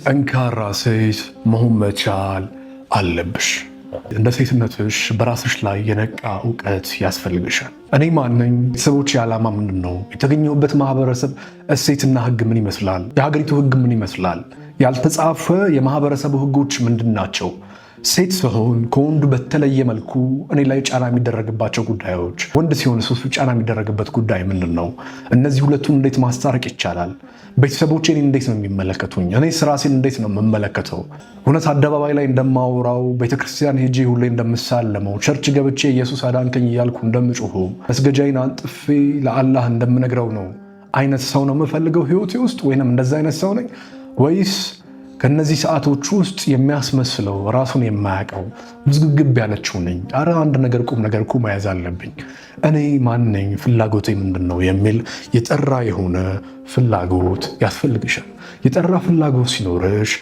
ጠንካራ ሴት መሆን መቻል አለብሽ። እንደ ሴትነትሽ በራስሽ ላይ የነቃ እውቀት ያስፈልግሻል። እኔ ማነኝ? ቤተሰቦች የዓላማ ምንድን ነው? የተገኘሁበት ማህበረሰብ እሴትና ህግ ምን ይመስላል? የሀገሪቱ ህግ ምን ይመስላል? ያልተጻፈ የማህበረሰቡ ህጎች ምንድን ናቸው? ሴት ሲሆን ከወንዱ በተለየ መልኩ እኔ ላይ ጫና የሚደረግባቸው ጉዳዮች፣ ወንድ ሲሆን ሱ ጫና የሚደረግበት ጉዳይ ምንድን ነው? እነዚህ ሁለቱን እንዴት ማስታረቅ ይቻላል? ቤተሰቦች ኔ እንዴት ነው የሚመለከቱኝ? እኔ ራሴን እንዴት ነው የምመለከተው? እውነት አደባባይ ላይ እንደማወራው፣ ቤተክርስቲያን ሄጄ ሁሌ እንደምሳለመው፣ ቸርች ገብቼ ኢየሱስ አዳንከኝ እያልኩ እንደምጮሁ፣ መስገጃዬን አንጥፌ ለአላህ እንደምነግረው ነው አይነት ሰው ነው የምፈልገው ህይወቴ ውስጥ ወይም እንደዚ አይነት ሰው ነኝ ወይስ ከነዚህ ሰዓቶች ውስጥ የሚያስመስለው ራሱን የማያውቀው ምዝግግብ ያለችው ነኝ፣ አረ አንድ ነገር ቁም ነገር እኮ መያዝ አለብኝ፣ እኔ ማን ነኝ፣ ፍላጎቴ ምንድን ነው የሚል የጠራ የሆነ ፍላጎት ያስፈልግሻል። የጠራ ፍላጎት ሲኖርሽ